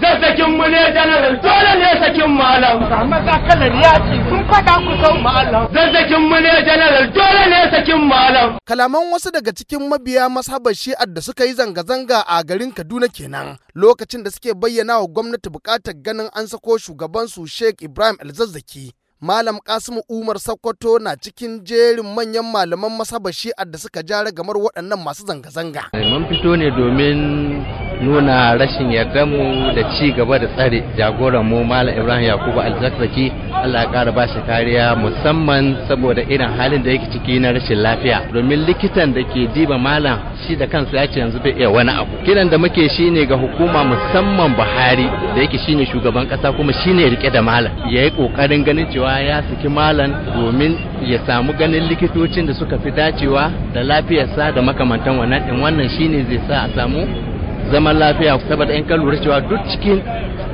Zazzakin sakin mu ne dole ne sakin malam Muhammad Zakalar ya ce kun faɗa ku sau malam Zazzakin sakin mu ne dole ne sakin malam kalaman wasu daga cikin mabiya mashabar shi'a da suka yi zanga-zanga a garin Kaduna kenan lokacin da suke bayyana wa gwamnati buƙatar ganin an sako shugaban su Sheikh Ibrahim Elzazzaki Malam Kasimu Umar Sokoto na cikin jerin manyan malaman masabashi shi'ar da suka ja ragamar waɗannan masu zanga-zanga. Mun fito ne domin nuna rashin mu da ci gaba da tsare jagoran mu Malam Ibrahim Yakubu Alzakzaki Allah ya kara ba shi kariya musamman saboda irin halin da yake ciki na rashin lafiya domin likitan da ke diba malam shi da kansa ya ce yanzu bai iya wani abu kiran da muke shine ga hukuma musamman Buhari da yake shine shugaban kasa kuma shine rike da malam yayi kokarin ganin cewa ya saki malam domin ya samu ganin likitocin da suka fi dacewa da lafiyarsa da makamantan wannan din wannan shine zai sa a samu zaman lafiya saboda in ka lura cewa duk cikin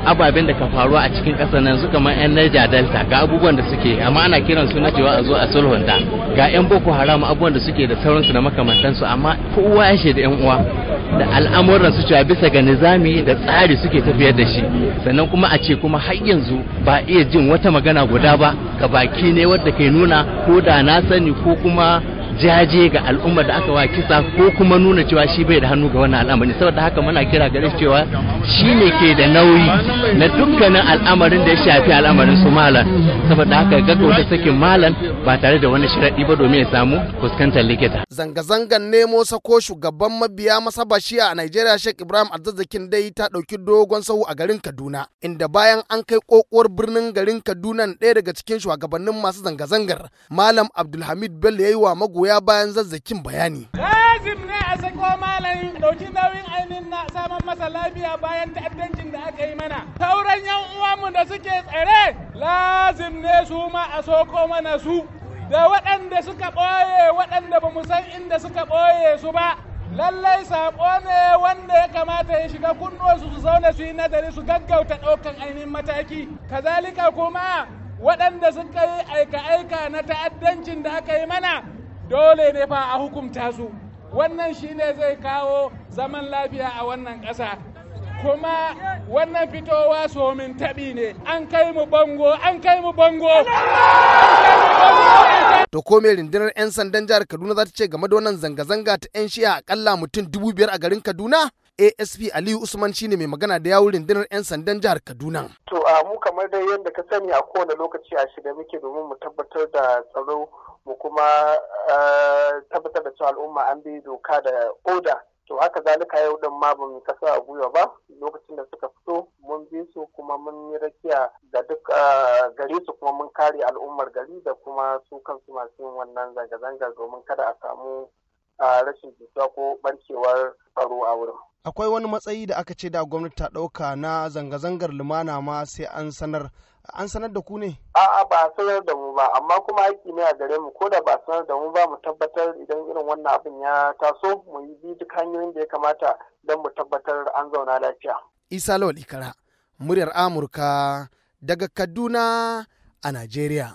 ababen da ka faru a cikin ƙasar nan su kamar 'yan Niger Delta ga abubuwan da suke amma ana kiran su na cewa a zo a sulhunta ga 'yan Boko Haram abubuwan da suke da sauransu da makamantansu amma kowa ya shaida 'yan uwa da al'amuran su cewa bisa ga nizami da tsari suke tafiyar da shi sannan kuma a ce kuma har yanzu ba iya jin wata magana guda ba ka baki ne wadda kai nuna ko da na sani ko kuma jaje ga al'ummar da aka wa kisa ko kuma nuna cewa shi bai da hannu ga wannan al'amari saboda haka muna kira gare shi cewa shi ne ke da nauyi na dukkanin al'amarin da ya shafi al'amarin su malam saboda haka gaggauta sakin malam ba tare da wani shiradi ba domin ya samu fuskantar likita. Zanga-zangan nemo sako shugaban mabiya masabashiya a Najeriya Sheikh Ibrahim Arzazakin dai ta dauki dogon sahu a garin Kaduna inda bayan an kai kokowar birnin garin Kaduna ɗaya daga cikin shugabannin masu zanga-zangar Malam Abdulhamid Bello ya yi wa magoya magoya bayan zazzakin bayani. Lazim ne a sako malamin ɗauki nauyin ainihin na samun masa lafiya bayan ta'addancin da aka yi mana. Sauran yan uwanmu da suke tsare lazim ne su ma a soko mana su. Da waɗanda suka ɓoye waɗanda ba san inda suka ɓoye su ba. lallai saƙo ne wanda ya kamata ya shiga kunnuwansu su zauna su yi nazari su gaggauta ɗaukan ainihin mataki kazalika kuma waɗanda suka yi aika-aika na ta'addancin da aka yi mana dole ne fa a hukumta su wannan shine zai kawo zaman lafiya a wannan kasa kuma wannan fitowa somin taɓi ne an kai mu bango an kai mu bango to ko me rundunar 'yan sandan jihar kaduna za ta ce game da wannan zanga-zanga ta 'yan shiya akalla mutum dubu biyar a garin kaduna asp aliyu usman shine mai magana da yawun rundunar 'yan sandan jihar kaduna to a mu kamar dai yadda ka sani a kowane lokaci a shirye muke domin mu tabbatar da tsaro mu kuma tabbatar da cewa al'umma an bi doka da oda to haka zalika yau din ma bamu kasa a gwiwa ba lokacin da suka fito mun bi su kuma mun yi rakiya da duk gare su kuma mun kare al'ummar gari da kuma su kansu masu yin wannan zanga-zangar domin kada a samu rashin jituwa ko bancewar tsaro a wurin. akwai wani matsayi da aka ce da gwamnati ta ɗauka na zanga-zangar lumana ma sai an sanar an sanar da ku ne? A'a ba a sanar da mu ba amma kuma aiki ne a gare mu ko da ba sanar da mu ba mu tabbatar idan irin wannan abin ya taso mu yi bi duk hanyoyin da ya kamata don mu tabbatar an zauna lafiya. Isa Lawal Ikara, muryar Amurka daga Kaduna a Najeriya.